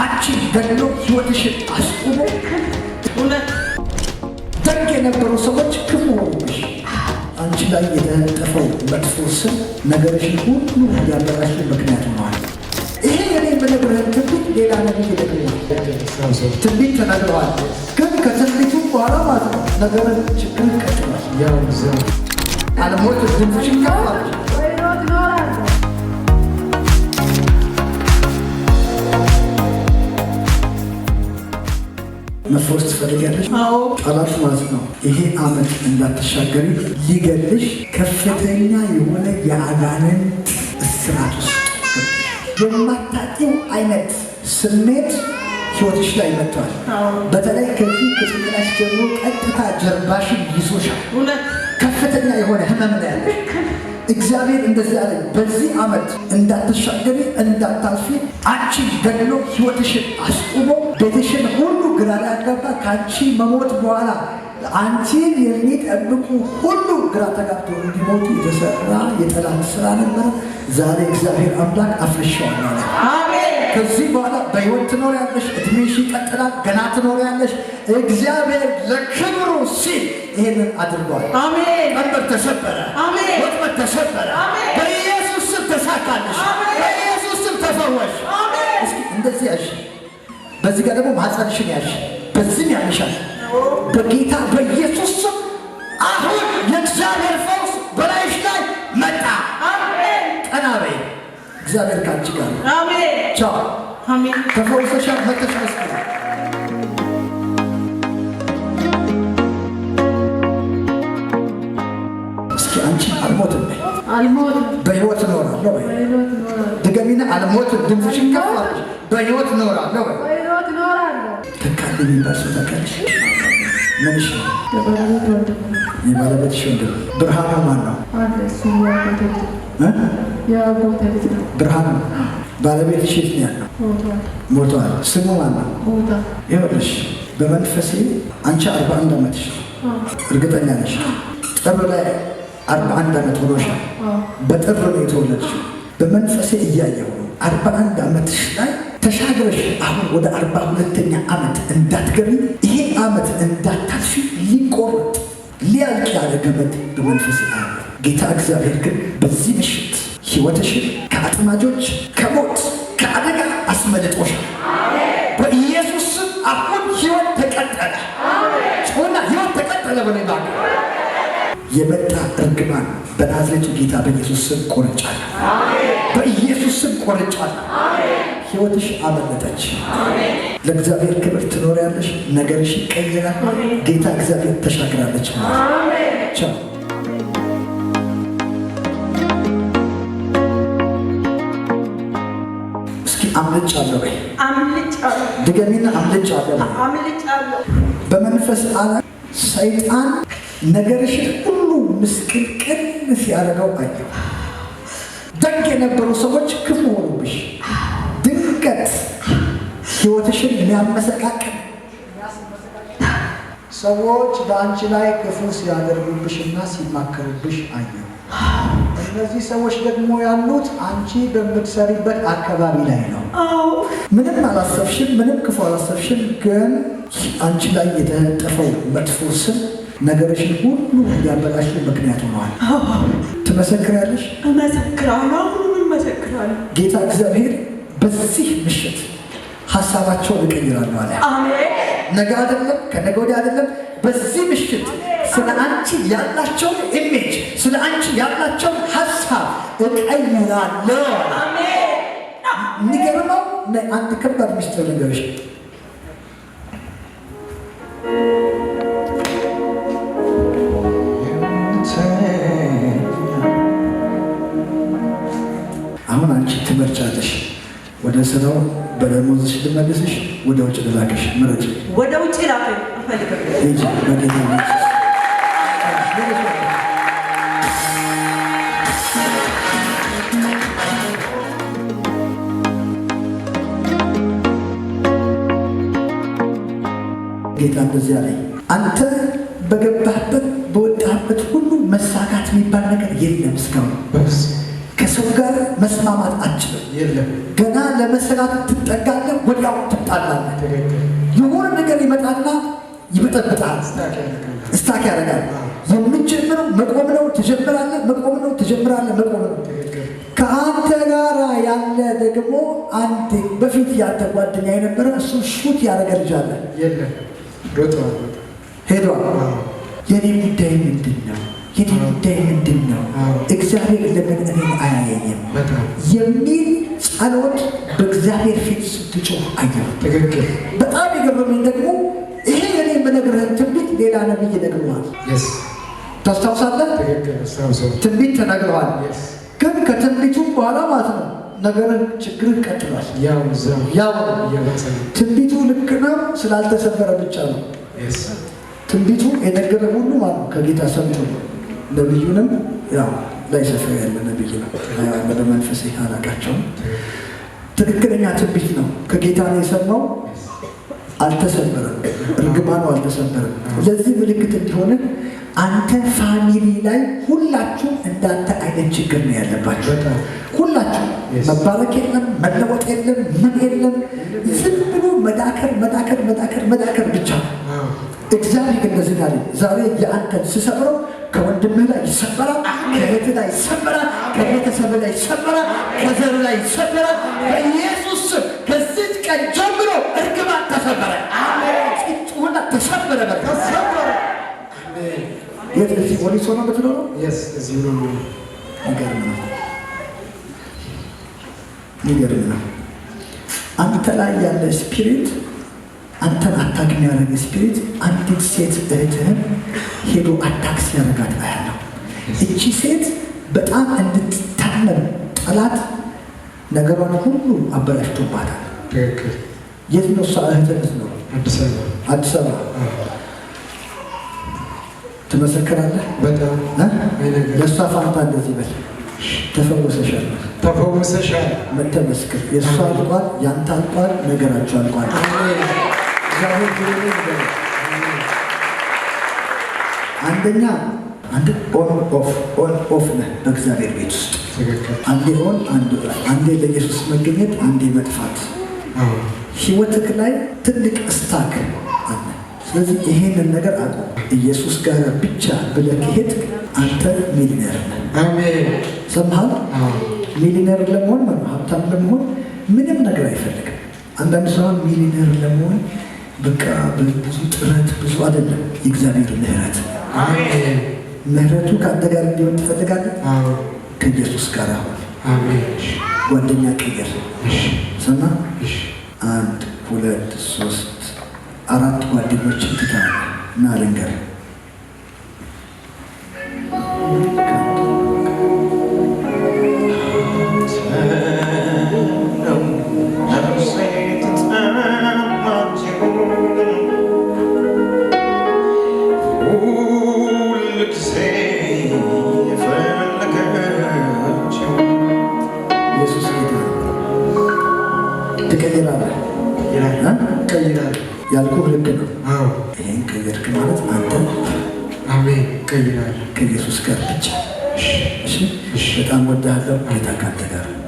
አንቺ ገድሎ ህይወትሽን አስቁሞ እውነት ደግ የነበሩ ሰዎች ክፉ ሆኑሽ። አንቺ ላይ የተነጠፈው መጥፎ ስም ነገርሽን ሁሉ ያበላሹ ምክንያት ሆነዋል። ይሄ እኔ የምነግርህን ትንቢት ሌላ ነቢይ ደግመዋል፣ ትንቢት ተነግረዋል። ግን ከትንቢቱ በኋላ ማለት ነው ነገርን ችግር ቀጥሏል። ያው ዘ አለሞት ድምፅሽን ከፋ መፈወስ ትፈልጋለሽ? አዎ። ጠላት ማለት ነው ይሄ አመት እንዳትሻገሪ ሊገልሽ ከፍተኛ የሆነ የአጋንንት እስራት ውስጥ የማታጤው አይነት ስሜት ህይወትሽ ላይ መጥቷል። በተለይ ከዚህ ከጭንቅላሽ ጀምሮ ቀጥታ ጀርባሽን ይዞሻል። ከፍተኛ የሆነ ህመም ነው ያለሽ እግዚአብሔር እንደዚህ አለ፣ በዚህ ዓመት እንዳትሻገሪ እንዳታልፊ አንቺ ገድሎ ህይወትሽን አስቁሞ ቤትሽን ሁሉ ግራ ላይ አጋባ ከአንቺ መሞት በኋላ አንቺን የሚጠብቁ ሁሉ ግራ ተጋብተው እንዲሞቱ የተሰራ የጠላት ስራ ነበር። ዛሬ እግዚአብሔር አምላክ አፍርሻዋል ማለት ከዚህ በኋላ በሕይወት ትኖሪያለሽ፣ እድሜሽ ይቀጥላል፣ ገና ትኖሪያለሽ። እግዚአብሔር ለክብሩ ሲል ይህንን አድርጓል። መንበር ተሰበረ፣ ወጥመድ ተሰበረ። በኢየሱስ ስም ተሳካለሽ፣ በኢየሱስ ስም ተፈወሽ። እስኪ እንደዚህ ያሽ፣ በዚህ ጋር ደግሞ ማጸንሽን ያሽ፣ በዚህም ያንሻል በጌታ በኢየሱስ ስም አሁን የእግዚአብሔር ፈውስ በላይሽ ላይ መጣ። ቀና በይ። እግዚአብሔር ካንቺ ጋር። ቻው። ተፈውሰሻል። መተሽ መስክሩ። አንቺ አልሞትም አልሞትም፣ በህይወት እኖራለሁ። ድገሚና፣ አልሞትም። ድምፅሽን ከፍ በህይወት እኖራለሁ። ምንሽ የባለቤትሽ ወንድም ብርሃኑ ማን ነው? ብርሃኑ ባለቤትሽ የት ነው ያለው? ሞቷል። ስሙ ማን ነው? ይኸውልሽ በመንፈሴ አንቺ አርባ አንድ ዓመትሽ እርግጠኛ ነሽ? ጥር ላይ አርባ አንድ ዓመት ሆኖሻል። በጥር ነው የተወለድሽው። በመንፈሴ እያየሁ አርባ አንድ ዓመትሽ ላይ ተሻግረሽ አሁን ወደ አርባ ሁለተኛ ዓመት እንዳትገቢ ይሄ ዓመት እንዳታልፊ ሊቆረጥ ሊያልቅ ያደረገበት በመንፈስ አለ። ጌታ እግዚአብሔር ግን በዚህ ምሽት ሕይወትሽን ከአጥማጆች ከሞት ከአደጋ አስመልጦሻል። በኢየሱስ አሁን ሕይወት ተቀጠለ ሆና ሕይወት ተቀጠለ። በላይ የመጣ እርግማን በናዝሬቱ ጌታ በኢየሱስ ስም ቆርጫለሁ። በኢየሱስ ስም ቆርጫለሁ። ህይወትሽ አመለጠች። ለእግዚአብሔር ክብር ትኖሪያለሽ። ነገርሽ ይቀየራል። ጌታ እግዚአብሔር ተሻግራለች ማለት ቻው አምልጫለሁ ድገሚና አምልጫለሁ። በመንፈስ ዓለም ሰይጣን ነገርሽን ሁሉ ምስቅልቅል ሲያደርገው አየሁ። ደግ የነበሩ ሰዎች ክፉ ሆኑብሽ። ጭንቀት ህይወትሽን ሊያመሰቃቅል ሰዎች በአንቺ ላይ ክፉ ሲያደርጉብሽና ሲማከሩብሽ አየሁ። እነዚህ ሰዎች ደግሞ ያሉት አንቺ በምትሰሪበት አካባቢ ላይ ነው። ምንም አላሰብሽም፣ ምንም ክፉ አላሰብሽም፣ ግን አንቺ ላይ የተነጠፈው መጥፎ ስም ነገርሽን ሁሉ እንዲያበላሽ ምክንያት ሆነዋል። ትመሰክራለሽ። እመሰክራለሁ። አሁኑም እመሰክራለሁ። ጌታ እግዚአብሔር በዚህ ምሽት ሀሳባቸውን እቀይራሉ አለ። ነገ አይደለም ከነገ ወዲያ አይደለም፣ በዚህ ምሽት ስለ አንቺ ያላቸውን ኢሜጅ፣ ስለ አንቺ ያላቸውን ሀሳብ እቀይራለሁ። የሚገርመው አንድ ከባድ ምስጢር ነገሮች ለስራው በደሞዝሽ ልመልስሽ፣ ወደ ውጭ ልላክሽ፣ ምረጭ። ወደ ውጭ ላክ ጌታ እንደዚያ ላይ አንተ በገባህበት በወጣህበት ሁሉ መሳካት የሚባል ነገር የለም። እስካሁን ከሰው ጋር መስማማት አችልም። ገና ለመሰራት ትጠጋለህ፣ ወዲያው ትጣላለህ። የሆነ ነገር ይመጣና ይበጠብጣል፣ እስታክ ያደርጋል። የምትጀምረው መቆም ነው፣ ትጀምራለህ፣ መቆም ነው፣ ትጀምራለህ፣ መቆም ነው። ከአንተ ጋር ያለ ደግሞ አንድ በፊት ያንተ ጓደኛ የነበረ እሱ ሹት ያደረገ ልጅ አለ፣ ሄዷል። የኔ ጉዳይ ምንድን ነው? የኔ ጉዳይ ምንድን ነው? እግዚአብሔር ለምን እኔን አያየኝም? የሚል ጸሎት በእግዚአብሔር ፊት ስትጮህ አየሁ። በጣም የገረመኝ ደግሞ ይሄ እኔ የምነግርህን ትንቢት ሌላ ነቢይ ነግረዋል። ታስታውሳለህ? ትንቢት ተነግረዋል፣ ግን ከትንቢቱም በኋላ ማለት ነው ነገርን ችግርን ቀጥሏል። ያው ትንቢቱ ልክ ነው ስላልተሰበረ ብቻ ነው። ትንቢቱ የነገረ ሁሉ ማለት ከጌታ ሰምቶ ነብዩንም ያው ላይ ሰፈ ያለ ነብይ ነው። ወደ መንፈሴ አላቃቸውም። ትክክለኛ ትንቢት ነው። ከጌታ ነው የሰማው። አልተሰበረም፣ እርግማኑ አልተሰበረም። ለዚህ ምልክት እንዲሆነ አንተ ፋሚሊ ላይ ሁላችሁ እንዳንተ አይነት ችግር ነው ያለባችሁ። ሁላችሁ መባረክ የለም፣ መለወጥ የለም፣ ምን የለም። ዝም ብሎ መዳከር መዳከር መዳከር መዳከር ብቻ። ነው። እግዚአብሔር ግን እንደዚህ ዛሬ የአንተን ስሰብረው ከወንድም ላይ ይሰበራል፣ ከእህትህ ላይ ይሰበራል፣ ከቤተሰብህ ላይ ይሰበራል፣ ከዘር ላይ ይሰበራል። በኢየሱስ ስም ከዚች ቀን ጀምሮ እርግማን ተሰበረ፣ ጭጭሁና ተሰበረ፣ ተሰበረ። የት እዚህ ወሊሶ ነው የምትኖረው? እዚህ ነው። ይገርም ነው፣ አንተ ላይ ያለ ስፒሪት አንተን አታክ የሚያደርግ ስፒሪት አንዲት ሴት እህትህን ሄዶ አታክ ሲያደርጋት አያለሁ። እቺ ሴት በጣም እንድትታመም ጠላት ነገሯን ሁሉ አበላሽቶባታል። የት ነው እሷ እህትነት ነው አዲስ አበባ ትመሰክራለህ። ለእሷ ፋንታ እንደዚህ በል ተፈወሰሻል፣ ተፈወሰሻል። መተመስክር የእሷ አልቋል፣ ያንተ አልቋል፣ ነገራቸው አልቋል። አንደኛ አንድ ኦን ኦፍ ኦን ኦፍ ነህ በእግዚአብሔር ቤት ውስጥ አንዴ ኦን አንዴ ለኢየሱስ መገኘት አንዴ መጥፋት ህይወትክ ላይ ትልቅ እስታክ አለ ስለዚህ ይሄንን ነገር አቁ ኢየሱስ ጋር ብቻ ብለህ ከሄድክ አንተ ሚሊነር ሰምሃል ሚሊነር ለመሆን ሀብታም ለመሆን ምንም ነገር አይፈልግም አንዳንድ ሰውን ሚሊነር ለመሆን በቃ ብዙ ጥረት ብዙ አይደለም፣ የእግዚአብሔር ምህረት ምህረቱ ከአንተ ጋር እንዲሆን ትፈልጋለህ። ከኢየሱስ ጋር አሁን ጓደኛ ቀየር። ሰማ አንድ ሁለት ሶስት አራት ጓደኞች ትታ እና ልንገር ትቀይራለህ ቀይራለህ ያልኩህ ልክ ነው። ይህን ቀይርክ ማለት አንተ አሜን ቀይራለህ ከኢየሱስ ጋር ብቻ። በጣም ወዳለው ጌታ ካንተ ጋር